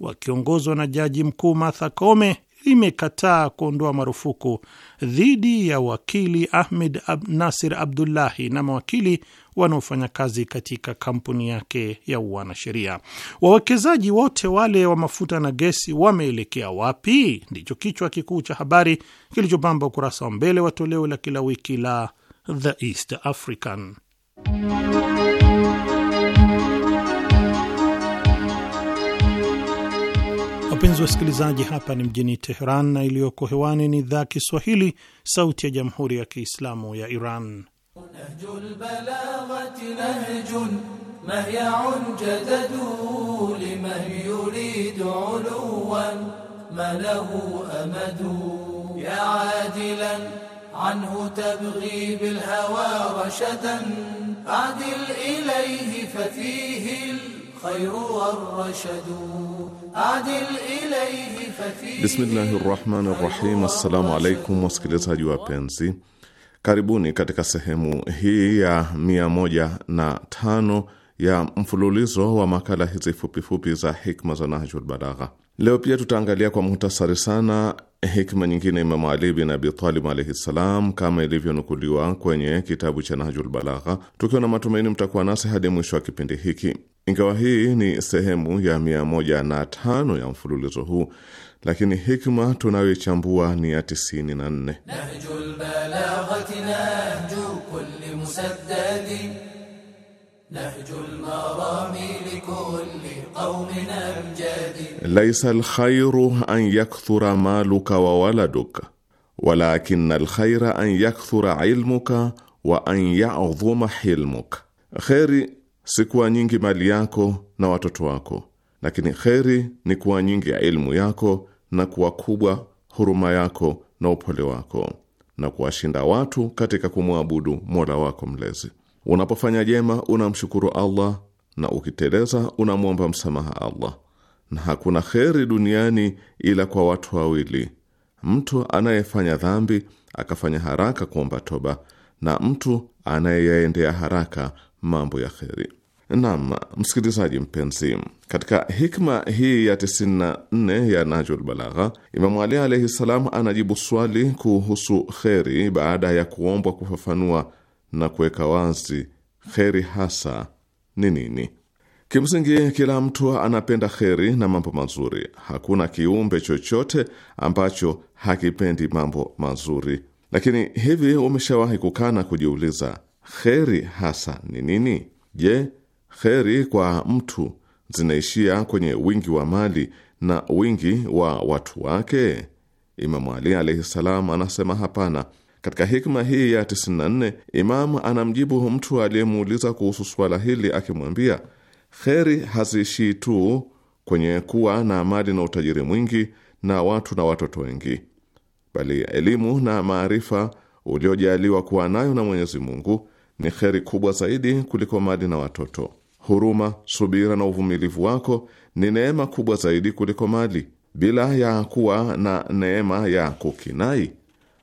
wakiongozwa na jaji mkuu Martha Koome limekataa kuondoa marufuku dhidi ya wakili Ahmed Ab Nasir Abdullahi na mawakili wanaofanya kazi katika kampuni yake ya uanasheria. Wawekezaji wote wale wa mafuta na gesi wameelekea wapi? Ndicho kichwa kikuu cha habari kilichopamba ukurasa wa mbele wa toleo la kila wiki la the East African. Wapenzi wasikilizaji, hapa ni mjini Teheran na iliyoko hewani ni idhaa Kiswahili sauti ya jamhuri ya Kiislamu ya Iran. عنه تبغي بالهوى رشدا أعدل إليه ففيه الخير والرشد أعدل إليه ففيه بسم Bismillahi rahmani rahim. Assalamu alaikum wasikilizaji wapenzi, karibuni katika sehemu hii ya mia moja na tano ya mfululizo wa makala hizi fupifupi za hikma za Nahjul Balagha. Leo pia tutaangalia kwa muhtasari sana eh, hikma nyingine Imamu Ali bin Abi Talib alaihi ssalam, kama ilivyonukuliwa kwenye kitabu cha Nahjul Balagha, tukiwa na matumaini mtakuwa nasi hadi mwisho wa kipindi hiki. Ingawa hii ni sehemu ya mia moja na tano ya mfululizo huu, lakini hikma tunayoichambua ni ya tisini na nne. Laisa alkhairu an yakthura maluka wa waladuka walakin alkhaira an yakthura ilmuka wa an yadhuma hilmuka, kheri si kuwa nyingi mali yako na watoto wako, lakini kheri ni kuwa nyingi ya ilmu yako na kuwa kubwa huruma yako na upole wako na kuwashinda watu katika kumwabudu Mola wako Mlezi. Unapofanya jema unamshukuru Allah na ukiteleza unamwomba msamaha Allah. Na hakuna kheri duniani ila kwa watu wawili, mtu anayefanya dhambi akafanya haraka kuomba toba na mtu anayeyaendea haraka mambo ya kheri. Naam, msikilizaji mpenzi, katika hikma hii ya 94 ya Najul Balagha, Imamu Ali alaihi salam anajibu swali kuhusu kheri baada ya kuombwa kufafanua na kuweka wazi kheri hasa ni nini? Kimsingi, kila mtu anapenda kheri na mambo mazuri. Hakuna kiumbe chochote ambacho hakipendi mambo mazuri. Lakini hivi, umeshawahi kukaa na kujiuliza kheri hasa ni nini? Je, kheri kwa mtu zinaishia kwenye wingi wa mali na wingi wa watu wake? Imamu Ali alaihi salam anasema hapana. Katika hikma hii ya 94 Imamu anamjibu mtu aliyemuuliza kuhusu suala hili akimwambia, kheri haziishii tu kwenye kuwa na mali na utajiri mwingi na watu na watoto wengi, bali elimu na maarifa uliojaliwa kuwa nayo na Mwenyezi Mungu ni kheri kubwa zaidi kuliko mali na watoto. Huruma, subira na uvumilivu wako ni neema kubwa zaidi kuliko mali. Bila ya kuwa na neema ya kukinai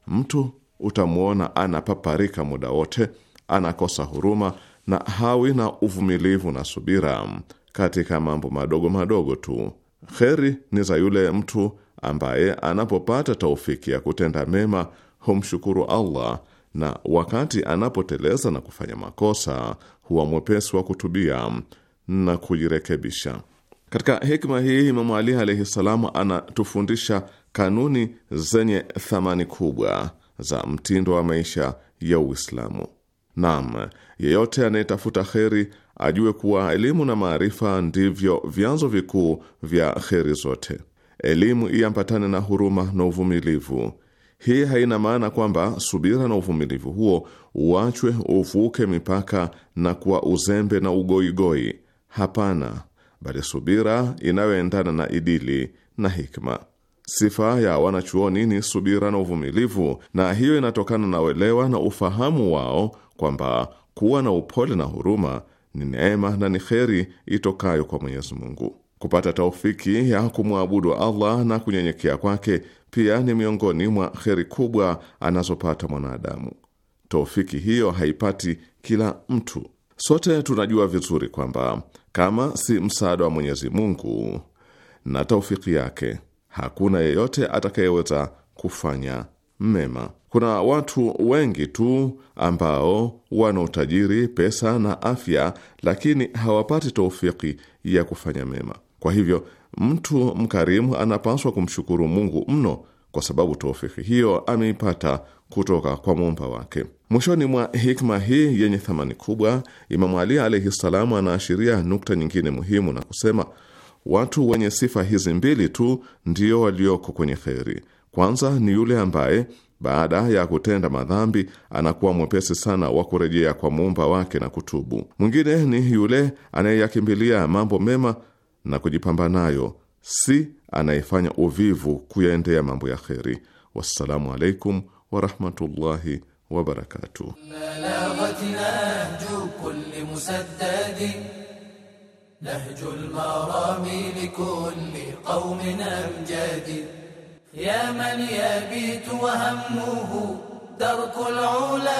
mtu utamwona anapaparika muda wote, anakosa huruma na hawi na uvumilivu na subira katika mambo madogo madogo tu. Kheri ni za yule mtu ambaye anapopata taufiki ya kutenda mema humshukuru Allah, na wakati anapoteleza na kufanya makosa huwa mwepesi wa kutubia na kujirekebisha. Katika hikma hii Imamu Ali alaihi salamu anatufundisha kanuni zenye thamani kubwa za mtindo wa maisha ya Uislamu. Naam, yeyote anayetafuta kheri ajue kuwa elimu na maarifa ndivyo vyanzo vikuu vya kheri zote. Elimu iambatane na huruma na uvumilivu. Hii haina maana kwamba subira na uvumilivu huo uachwe uvuke mipaka na kuwa uzembe na ugoigoi. Hapana, bali subira inayoendana na idili na hikma. Sifa ya wanachuoni ni subira na uvumilivu, na hiyo inatokana na uelewa na ufahamu wao kwamba kuwa na upole na huruma ni neema na ni kheri itokayo kwa Mwenyezi Mungu. Kupata taufiki ya kumwabudu Allah na kunyenyekea kwake pia ni miongoni mwa kheri kubwa anazopata mwanadamu. Taufiki hiyo haipati kila mtu. Sote tunajua vizuri kwamba kama si msaada wa Mwenyezi Mungu na taufiki yake hakuna yeyote atakayeweza kufanya mema. Kuna watu wengi tu ambao wana utajiri, pesa na afya, lakini hawapati taufiki ya kufanya mema. Kwa hivyo mtu mkarimu anapaswa kumshukuru Mungu mno kwa sababu taufiki hiyo ameipata kutoka kwa muumba wake. Mwishoni mwa hikma hii yenye thamani kubwa, Imamu Ali alaihi ssalamu anaashiria nukta nyingine muhimu na kusema Watu wenye sifa hizi mbili tu ndio walioko kwenye kheri. Kwanza ni yule ambaye baada ya kutenda madhambi anakuwa mwepesi sana wa kurejea kwa muumba wake na kutubu. Mwingine ni yule anayeyakimbilia mambo mema na kujipamba nayo, si anayefanya uvivu kuyaendea mambo ya kheri. Wassalamu alaikum warahmatullahi wabarakatuh. نهج المرامي لكل قوم أمجاد يا من يبيت وهمه درك العلا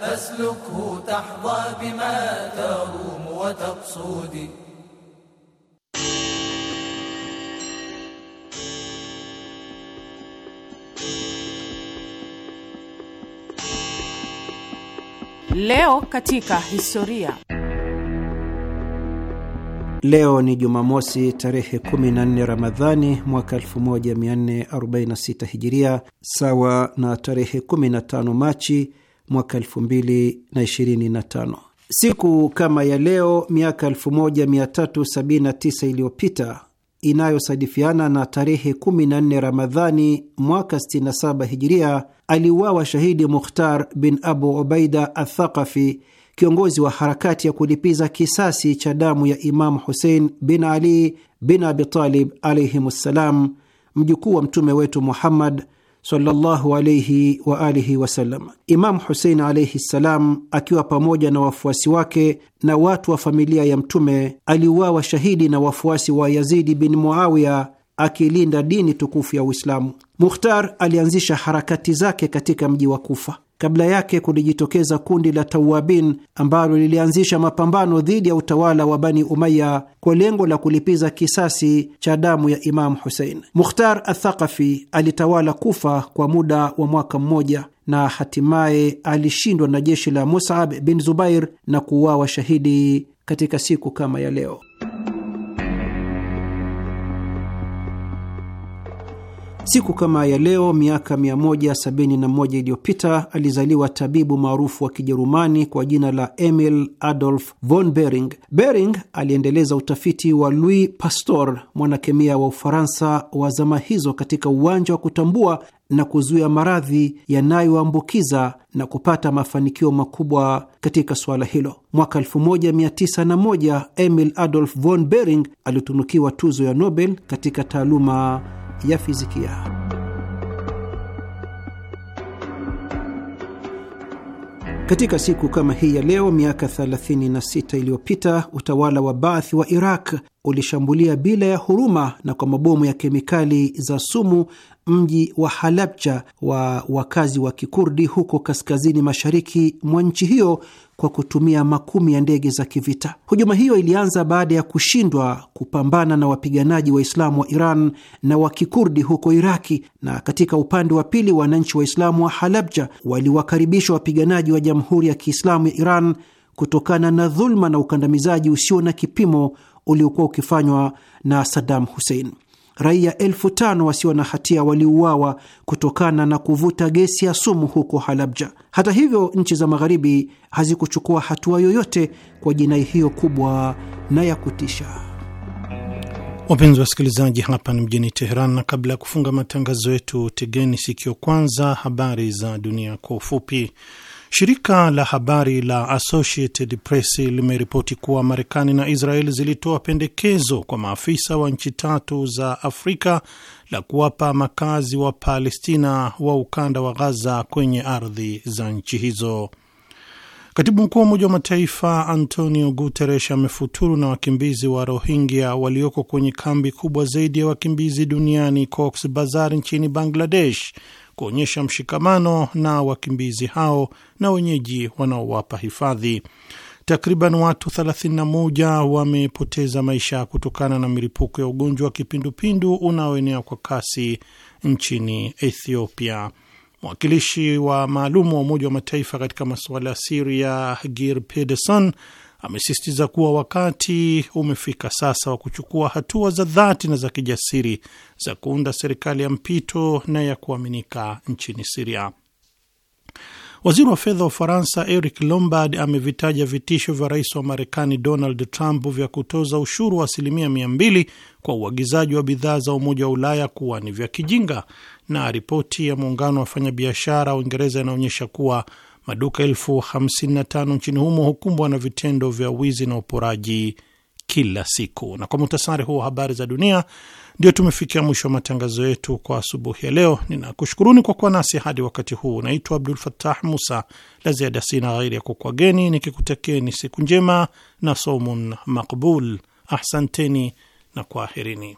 فاسلكه تحظى بما تروم وتقصد Leo katika historia. Leo ni Jumamosi tarehe 14 Ramadhani mwaka 1446 Hijiria, sawa na tarehe 15 Machi mwaka 2025. Siku kama ya leo miaka 1379 iliyopita inayosadifiana na tarehe 14 Ramadhani mwaka 67 Hijiria, aliuawa shahidi Mukhtar bin Abu Ubaida Athaqafi kiongozi wa harakati ya kulipiza kisasi cha damu ya Imamu Husein bin Ali bin Abitalib ssalam, mjukuu wa mtume wetu Muhammad sallallahu alaihi wa alihi wasallam. Imamu Husein alaihi ssalam, akiwa pamoja na wafuasi wake na watu wa familia ya Mtume, aliuawa shahidi na wafuasi wa Yazidi bin Muawiya akilinda dini tukufu ya Uislamu. Mukhtar alianzisha harakati zake katika mji wa Kufa. Kabla yake kulijitokeza kundi la Tawabin ambalo lilianzisha mapambano dhidi ya utawala wa Bani Umaya kwa lengo la kulipiza kisasi cha damu ya Imamu Husein. Mukhtar Athaqafi alitawala Kufa kwa muda wa mwaka mmoja na hatimaye alishindwa na jeshi la Musab bin Zubair na kuuawa shahidi katika siku kama ya leo. Siku kama ya leo miaka 171 iliyopita alizaliwa tabibu maarufu wa Kijerumani kwa jina la Emil Adolf von Bering. Bering aliendeleza utafiti wa Louis Pasteur, mwanakemia wa Ufaransa wa zama hizo, katika uwanja wa kutambua na kuzuia maradhi yanayoambukiza na kupata mafanikio makubwa katika suala hilo. Mwaka 1901 Emil Adolf von Bering alitunukiwa tuzo ya Nobel katika taaluma ya fizikia. Katika siku kama hii ya leo miaka 36 iliyopita utawala wa Baath wa Iraq ulishambulia bila ya huruma na kwa mabomu ya kemikali za sumu mji wa Halabja wa wakazi wa Kikurdi huko kaskazini mashariki mwa nchi hiyo kwa kutumia makumi ya ndege za kivita. Hujuma hiyo ilianza baada ya kushindwa kupambana na wapiganaji Waislamu wa Iran na wa Kikurdi huko Iraki, na katika upande wa pili wananchi Waislamu wa Halabja waliwakaribisha wapiganaji wa Jamhuri ya Kiislamu ya Iran kutokana na dhuluma na ukandamizaji usio na kipimo uliokuwa ukifanywa na Saddam Hussein raia elfu tano wasio na hatia waliuawa kutokana na kuvuta gesi ya sumu huko Halabja. Hata hivyo, nchi za magharibi hazikuchukua hatua yoyote kwa jinai hiyo kubwa na ya kutisha. Wapenzi wa wasikilizaji, hapa ni mjini Teheran, na kabla ya kufunga matangazo yetu, tegeni sikio kwanza habari za dunia kwa ufupi. Shirika la habari la Associated Press limeripoti kuwa Marekani na Israel zilitoa pendekezo kwa maafisa wa nchi tatu za Afrika la kuwapa makazi wa Palestina wa ukanda wa Ghaza kwenye ardhi za nchi hizo. Katibu mkuu wa Umoja wa Mataifa Antonio Guterres amefuturu na wakimbizi wa Rohingya walioko kwenye kambi kubwa zaidi ya wakimbizi duniani cox Bazar nchini Bangladesh kuonyesha mshikamano na wakimbizi hao na wenyeji wanaowapa hifadhi. Takriban watu 31 wamepoteza maisha kutokana na milipuko ya ugonjwa wa kipindupindu unaoenea kwa kasi nchini Ethiopia. Mwakilishi wa maalum wa Umoja wa Mataifa katika masuala ya Siria Geir Pedersen amesisitiza kuwa wakati umefika sasa wa kuchukua hatua za dhati na za kijasiri za kuunda serikali ya mpito na ya kuaminika nchini Siria. Waziri wa fedha wa Ufaransa Eric Lombard amevitaja vitisho vya rais wa Marekani Donald Trump vya kutoza ushuru wa asilimia mia mbili kwa uagizaji wa bidhaa za Umoja wa Ulaya kuwa ni vya kijinga, na ripoti ya muungano wa wafanyabiashara Uingereza inaonyesha kuwa maduka elfu hamsini na tano nchini humo hukumbwa na vitendo vya wizi na uporaji kila siku. Na kwa muhtasari huo habari za dunia, ndio tumefikia mwisho wa matangazo yetu kwa asubuhi ya leo. Ninakushukuruni kwa kuwa nasi hadi wakati huu. Naitwa Abdul Fattah Musa. La ziada sina ghairi ya kukwageni nikikutekeni siku njema na saumun makbul. Ahsanteni na kwaherini.